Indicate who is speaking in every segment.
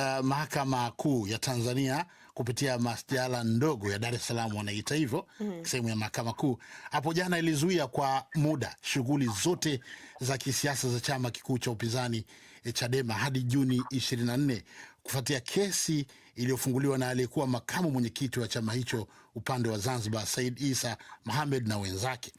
Speaker 1: Eh, mahakama kuu ya Tanzania kupitia masjala ndogo ya Dar es Salaam wanaita hivyo mm -hmm. sehemu ya mahakama kuu hapo jana ilizuia kwa muda shughuli zote za kisiasa za chama kikuu cha upinzani eh, Chadema hadi Juni 24 kufuatia kesi iliyofunguliwa na aliyekuwa makamu mwenyekiti wa chama hicho upande wa Zanzibar, Said Isa Mohamed na wenzake.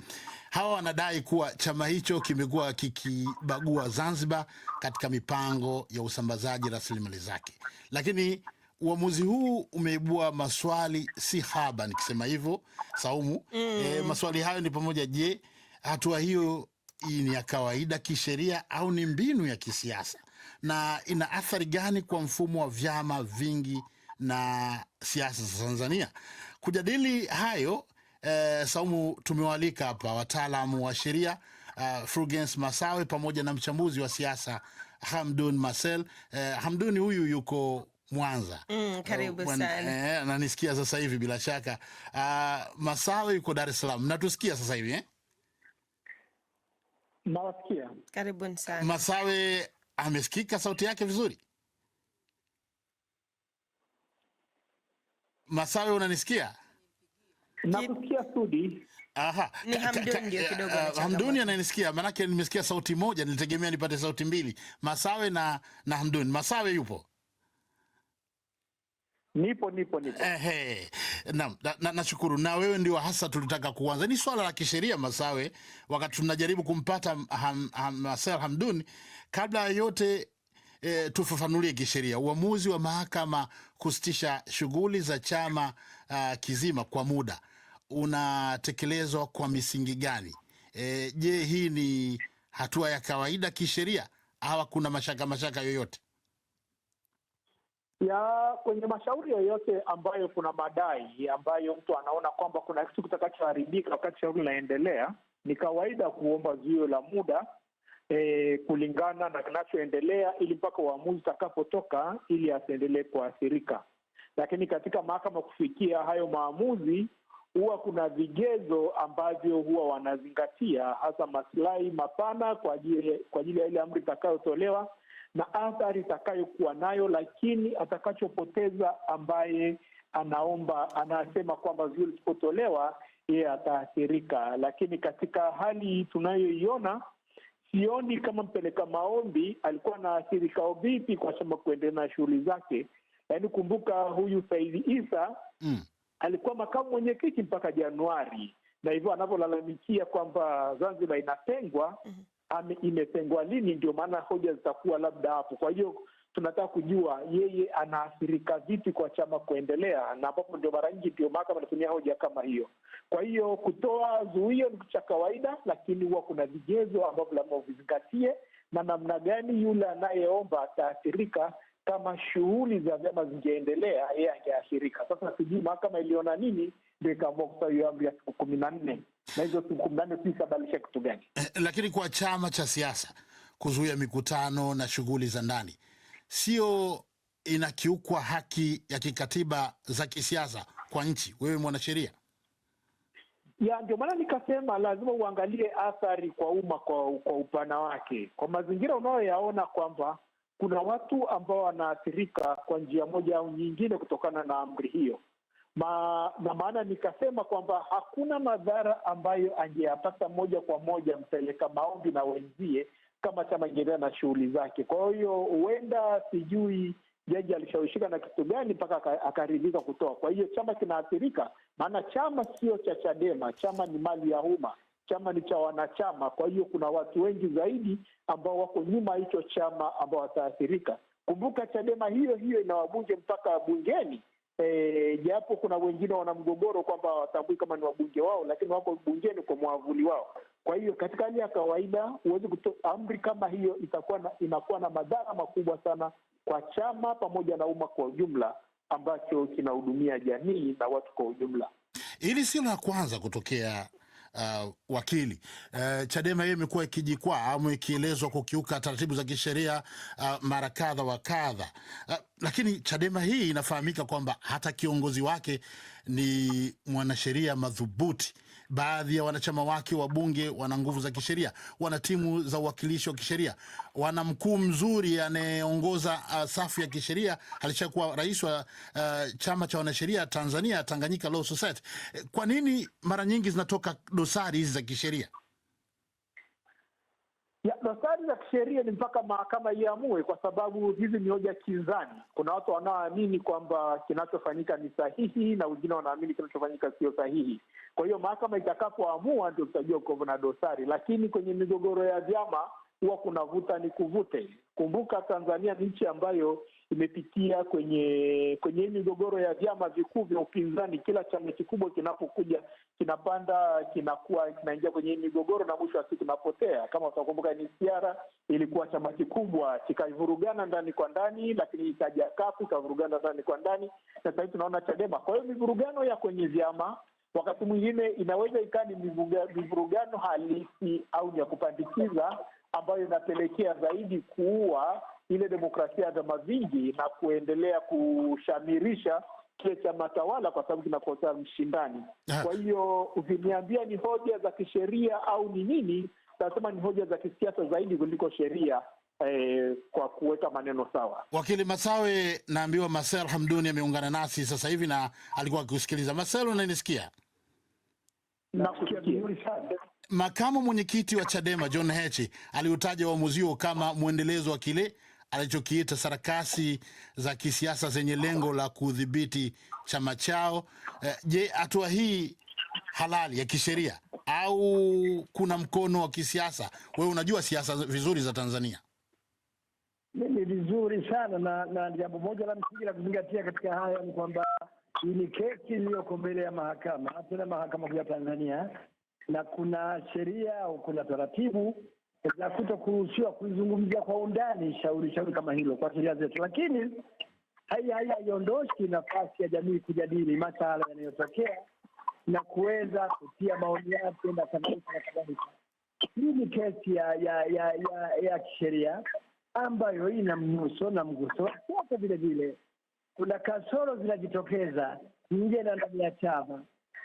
Speaker 1: Hawa wanadai kuwa chama hicho kimekuwa kikibagua Zanzibar katika mipango ya usambazaji rasilimali zake, lakini uamuzi huu umeibua maswali si haba, nikisema hivyo Saumu. Mm. E, maswali hayo ni pamoja, je, hatua hiyo hii ni ya kawaida kisheria au ni mbinu ya kisiasa? na ina athari gani kwa mfumo wa vyama vingi na siasa za Tanzania? Kujadili hayo eh, Saumu, tumewalika hapa wataalamu wa sheria uh, Fulgence Masawe pamoja na mchambuzi wa siasa Hamdun Marcel. Uh, eh, Hamduni huyu yuko Mwanza.
Speaker 2: Mm, eh, karibu uh, sana.
Speaker 1: Eh, nanisikia sasa hivi bila shaka. Uh, Masawe yuko Dar es Salaam. Natusikia sasa hivi eh?
Speaker 3: Nawasikia.
Speaker 2: Karibuni sana.
Speaker 1: Masawe amesikika sauti yake vizuri? Masawe, unanisikia?
Speaker 3: Nakusikia Sudi.
Speaker 1: Aha.
Speaker 2: Ni Hamduni eh,
Speaker 1: Hamduni ananisikia, maanake nimesikia sauti moja, nilitegemea nipate sauti mbili, Masawe na na Hamduni. Masawe yupo?
Speaker 3: Nipo nipo nipo.
Speaker 1: Ehe, naam, Na, na, nashukuru na wewe ndio hasa tulitaka kuanza. Ni swala la kisheria Masawe, wakati tunajaribu kumpata ham, ham, Marcel Hamdun. Kabla ya yote e, tufafanulie kisheria uamuzi wa mahakama kusitisha shughuli za chama uh, kizima kwa muda unatekelezwa kwa misingi gani? E, je, hii ni hatua ya kawaida kisheria au kuna mashaka mashaka yoyote?
Speaker 3: ya kwenye mashauri yoyote ambayo kuna madai ambayo mtu anaona kwamba kuna kitu kitakachoharibika wakati shauri linaendelea, ni kawaida kuomba zuio la muda e, kulingana na kinachoendelea, ili mpaka uamuzi utakapotoka, ili asiendelee kuathirika. Lakini katika mahakama kufikia hayo maamuzi, huwa kuna vigezo ambavyo huwa wanazingatia, hasa masilahi mapana kwa ajili kwa ajili ya ile amri itakayotolewa na athari itakayokuwa nayo, lakini atakachopoteza ambaye anaomba anasema kwamba zuio lisipotolewa yeye ataathirika. Lakini katika hali tunayoiona sioni kama mpeleka maombi alikuwa anaathirika vipi kwa shamba kuendelea na shughuli zake. Yaani kumbuka huyu Saidi Isa mm, alikuwa makamu mwenyekiti mpaka Januari, na hivyo anavyolalamikia kwamba Zanzibar inatengwa mm -hmm ame imetengwa lini? Ndio maana hoja zitakuwa labda hapo. Kwa hiyo tunataka kujua yeye anaathirika vipi kwa chama kuendelea, na ambapo ndio mara nyingi ndio mahakama inatumia hoja kama hiyo. Kwa hiyo kutoa zuio ni cha kawaida, lakini huwa kuna vigezo ambavyo lazima uvizingatie na namna gani yule anayeomba ataathirika. Kama shughuli za vyama zingeendelea, yeye angeathirika. Sasa sijui mahakama iliona nini ikaamua amri ya siku kumi na nne na hizo siku kumi na nne kitu gani?
Speaker 1: Eh, lakini kwa chama cha siasa kuzuia mikutano na shughuli za ndani, sio inakiukwa haki ya kikatiba za kisiasa kwa nchi? Wewe mwanasheria
Speaker 3: ya ndio maana nikasema lazima uangalie athari kwa umma kwa, kwa upana wake, kwa mazingira unayoyaona kwamba kuna watu ambao wanaathirika kwa njia moja au nyingine kutokana na amri hiyo. Ma, na maana nikasema kwamba hakuna madhara ambayo angeyapata moja kwa moja mpeleka maombi na wenzie kama chama kiendelea na shughuli zake. Kwa hiyo huenda sijui jaji alishawishika na kitu gani mpaka akaridhika kutoa. Kwa hiyo chama kinaathirika, maana chama sio cha Chadema, chama ni mali ya umma, chama ni cha wanachama. Kwa hiyo kuna watu wengi zaidi ambao wako nyuma hicho chama ambao wataathirika. Kumbuka Chadema hiyo hiyo ina wabunge mpaka bungeni e, japo kuna wengine wana mgogoro kwamba hawatambui kama ni wabunge wao, lakini wako bungeni kwa mwavuli wao. Kwa hiyo katika hali ya kawaida huwezi kutoa amri kama hiyo, itakuwa na, inakuwa na madhara makubwa sana kwa chama pamoja na umma kwa ujumla, ambacho kinahudumia jamii na watu kwa ujumla.
Speaker 1: Hili si la kwanza kutokea uh, wakili uh, Chadema hiyo imekuwa ikijikwaa au ikielezwa kukiuka taratibu za kisheria uh, mara kadha wa kadha uh, lakini Chadema hii inafahamika kwamba hata kiongozi wake ni mwanasheria madhubuti. Baadhi ya wanachama wake wa bunge wana nguvu za kisheria, wana timu za uwakilishi wa kisheria, wana mkuu mzuri anayeongoza uh, safu ya kisheria, alishakuwa rais wa uh, chama cha wanasheria Tanzania, Tanganyika Law Society. Eh, kwa nini mara nyingi zinatoka dosari hizi za kisheria?
Speaker 3: Ya, dosari za kisheria ni mpaka mahakama iamue, kwa sababu hizi ni hoja kinzani. Kuna watu wanaoamini kwamba kinachofanyika ni sahihi na wengine wanaamini kinachofanyika sio sahihi. Kwa hiyo mahakama itakapoamua ndio tutajua na dosari, lakini kwenye migogoro ya vyama huwa kuna vuta ni kuvute. Kumbuka Tanzania ni nchi ambayo imepitia kwenye kwenye migogoro ya vyama vikuu vya upinzani. Kila chama kikubwa kinapokuja kinapanda kinakuwa kinaingia kwenye migogoro na mwisho wa siku napotea. Kama utakumbuka, NCCR ilikuwa chama kikubwa kikaivurugana ndani kwa ndani, lakini ikaja kafu ikavurugana ndani kwa ndani, na sasa hivi tunaona Chadema. Kwa hiyo mivurugano ya kwenye vyama wakati mwingine inaweza ikawa ni mivurugano halisi au ni ya kupandikiza, ambayo inapelekea zaidi kuua ile demokrasia ya vyama vingi na kuendelea kushamirisha kile chama tawala, kwa sababu kinakosa mshindani. Ah. Kwa hiyo ukiniambia ni hoja za kisheria au ni nini, tunasema ni hoja za kisiasa zaidi kuliko sheria. Eh, kwa kuweka maneno sawa.
Speaker 1: Wakili Masawe, naambiwa Marcel Hamduni ameungana nasi sasa hivi na alikuwa akikusikiliza. Marcel, unanisikia? Makamu mwenyekiti wa Chadema John Heche aliutaja uamuzi huo kama mwendelezo wa kile alichokiita sarakasi za kisiasa zenye lengo la kudhibiti chama chao. Eh, je, hatua hii halali ya kisheria au kuna mkono wa kisiasa? Wewe unajua siasa vizuri za Tanzania.
Speaker 3: Ni vizuri sana na na jambo moja la msingi la kuzingatia katika haya ni kwamba hii ni kesi iliyoko mbele ya mahakama, tena mahakama kuu ya Tanzania, na kuna sheria au kuna taratibu za kuruhusiwa kuizungumzia kwa undani shauri shauri kama hilo kwa sheria zetu, lakini haiondoshi nafasi ya jamii kujadili masala yanayotokea na kuweza kutia maoni yake na kadhalika na kadhalika. Hii ni kesi ya ya ya ya, ya kisheria ambayo ina mnuso na mguso wa siasa vile vile. Kuna kasoro zinajitokeza nje na ndani ya chama,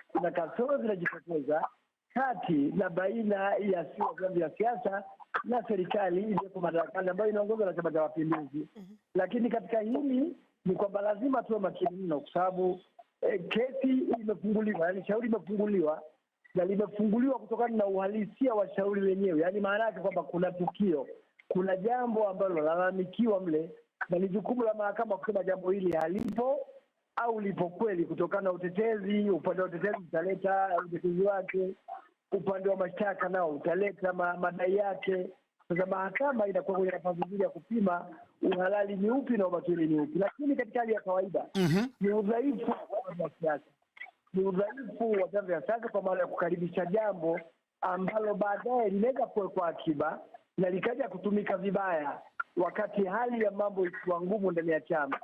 Speaker 3: kuna kasoro zinajitokeza kati na baina ya vyama vya siasa na serikali iliyoko madarakani ambayo inaongozwa na Chama cha Mapinduzi. Mhm. Lakini katika hili ni kwamba lazima tuwe makini mno, kwa sababu e, kesi imefunguliwa, yani shauri imefunguliwa na limefunguliwa kutokana na uhalisia wa shauri lenyewe, yani maana yake kwamba kuna tukio, kuna jambo ambalo lalalamikiwa mle, na ni jukumu la mahakama kusema jambo hili halipo au lipo kweli, kutokana na utetezi. Upande wa utetezi utaleta utetezi wake upande wa mashtaka nao utaleta madai yake. Sasa mahakama inakuwa kwenye nafasi nzuri ya kupima uhalali ni upi na ubatili ni upi, lakini katika hali ya kawaida mm -hmm. ni udhaifu wa siasa, ni udhaifu wa vyama vya siasa kwa maana ya kukaribisha jambo ambalo baadaye linaweza kuwekwa akiba na likaja kutumika vibaya wakati hali ya mambo ikiwa ngumu ndani ya chama.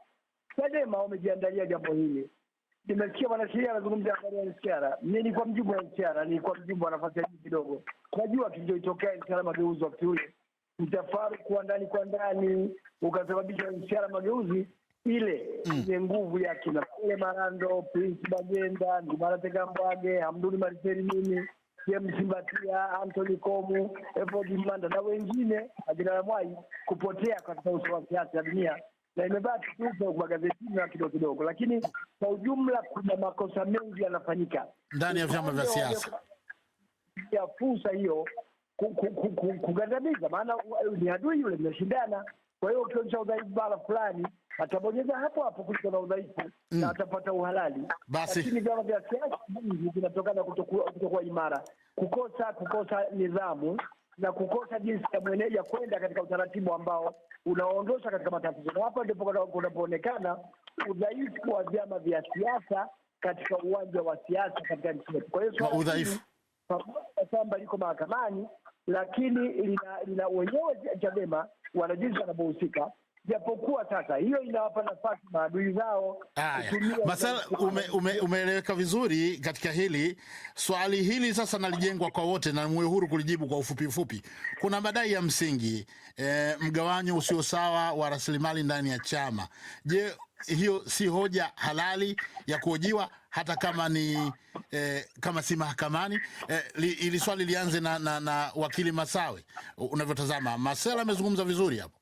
Speaker 3: Chadema wamejiandalia jambo hili Nimesikia mwanasheria anazungumzia habari ya NCR. ni kwa mjumbe wa NCR, kwa mjumbe wa nafasi ya juu kidogo. Najua kilichotokea NCR mageuzi wakati ule, mtafaruku wa ndani kwa ndani ukasababisha NCR mageuzi ile yenye mm. nguvu yake na pale Marando, Prince Bagenda, Ndimara Tegambwage, Hamduni Mariseri, mimi James Mbatia, Anthony Komu, Evodi Manda na wengine ajina ya Mwai kupotea katika uso wa siasa ya dunia na imebaa tukiuza magazetini na kidogo kidogo, lakini kwa ujumla kuna makosa mengi yanafanyika
Speaker 1: ndani ya vyama vya siasa
Speaker 3: ya fursa hiyo kugandamiza, maana ni adui yule, mnashindana. Kwa hiyo ukionyesha udhaifu bara fulani atabonyeza hapo hapo kuliko na udhaifu na mm. atapata uhalali. lakini vyama vya siasa vingi vinatokana kutokuwa imara, kukosa kukosa nidhamu na kukosa jinsi ya meneja kwenda katika utaratibu ambao unaondosha katika matatizo, na hapa ndipo kunapoonekana udhaifu wa vyama vya siasa katika uwanja wa siasa katika nchi yetu.
Speaker 1: Kwa hiyo udhaifu
Speaker 3: kwamba liko mahakamani, lakini lina wenyewe Chadema wanajinsi wanavyohusika japokuwa sasa hiyo inawapa nafasi maadui zao
Speaker 1: masala. Umeeleweka ume, ume vizuri katika hili swali. Hili sasa nalijengwa kwa wote na muwe huru kulijibu kwa ufupi ufupi. Kuna madai ya msingi e, mgawanyo usio sawa wa rasilimali ndani ya chama. Je, hiyo si hoja halali ya kuhojiwa hata kama ni eh, kama si mahakamani eh, ili swali lianze na, na, na wakili Masawe. Unavyotazama Masela amezungumza vizuri hapo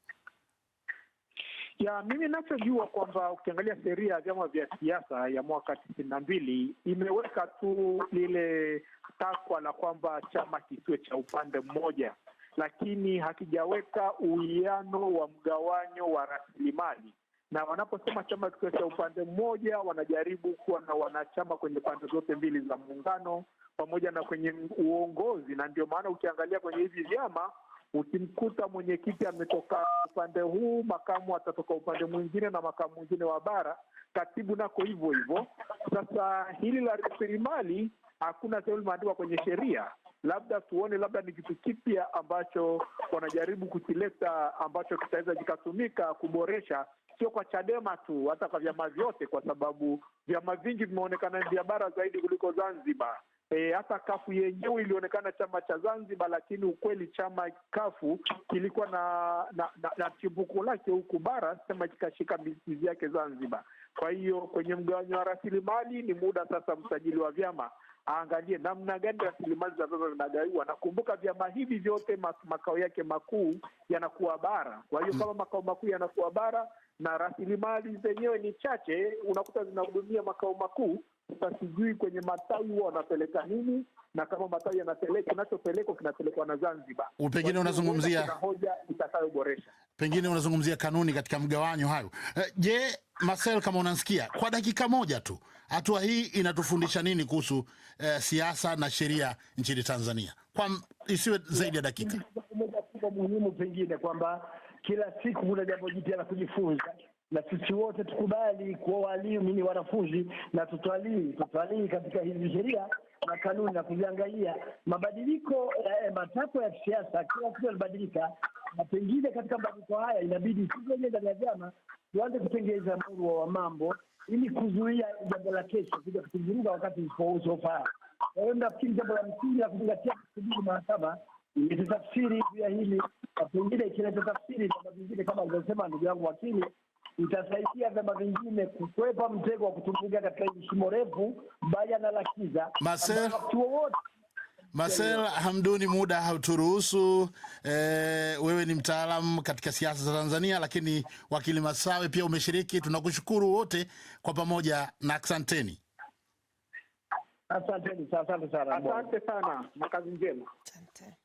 Speaker 3: ya mimi nachojua kwamba ukiangalia sheria ya vyama vya siasa ya mwaka tisini na mbili imeweka tu lile takwa la kwamba chama kisiwe cha upande mmoja, lakini hakijaweka uwiano wa mgawanyo wa rasilimali. Na wanaposema chama kisiwe cha upande mmoja, wanajaribu kuwa na wanachama kwenye pande zote mbili za muungano pamoja na kwenye uongozi, na ndio maana ukiangalia kwenye hivi vyama ukimkuta mwenyekiti ametoka upande huu, makamu atatoka upande mwingine, na makamu mwingine wa bara, katibu nako hivyo hivyo. Sasa hili la rasilimali hakuna sehemu limeandikwa kwenye sheria, labda tuone, labda ni kitu kipya ambacho wanajaribu kukileta ambacho kitaweza kikatumika kuboresha, sio kwa Chadema tu, hata kwa vyama vyote, kwa sababu vyama vingi vimeonekana vya bara zaidi kuliko Zanzibar. E, hata kafu yenyewe ilionekana chama cha Zanzibar, lakini ukweli chama kafu kilikuwa na na, na, na chimbuko lake huku bara, chama kikashika mizizi yake Zanzibar. Kwa hiyo kwenye mgawanyo wa rasilimali ni muda sasa msajili wa vyama aangalie namna gani rasilimali za sasa zinagaiwa. Nakumbuka vyama hivi vyote makao yake makuu yanakuwa bara. Kwa hiyo kama makao makuu yanakuwa bara na rasilimali zenyewe ni chache, unakuta zinahudumia makao makuu sasa sijui kwenye matawi huwa wanapeleka nini, na kama matawi yanapeleka, kinachopelekwa kinapelekwa na Zanzibar.
Speaker 1: Pengine unazungumzia
Speaker 3: hoja itakayoboresha,
Speaker 1: pengine unazungumzia kanuni katika mgawanyo hayo. Eh, je, Marcel, kama unansikia kwa dakika moja tu, hatua hii inatufundisha nini kuhusu eh, siasa na sheria nchini Tanzania? Kwa isiwe zaidi ya dakika
Speaker 3: moja, muhimu pengine kwamba kila siku kuna jambo jipya la kujifunza na sisi wote tukubali kuwa walimu ni wanafunzi, na tutwalii tutwalii katika hizi sheria na kanuni na kuziangalia mabadiliko eh, matakwa ya kisiasa. Kila kitu yanabadilika, na pengine katika mabadiliko haya inabidi sisi wenyewe ndani ya vyama tuanze kutengeneza murwa wa mambo ili kuzuia jambo la kesho kuja kutuvuruga wakati usiofaa. Kwa hiyo nafikiri jambo la msingi la kuzingatia kusubiri mahakama ilitafsiri juu ya hili na pengine kinachotafsiri kama alivyosema ndugu yangu wakili itasaidia vyama vingine kukwepa mtego wa kutumbukia katika shimo refu baya na
Speaker 1: Wakati wowote Marcel Hamduni, muda hauturuhusu. E, wewe ni mtaalamu katika siasa za Tanzania, lakini wakili Masawe pia umeshiriki. Tunakushukuru wote kwa pamoja na asanteni.
Speaker 3: Asante sana, asante sana, kazi njema. Asante.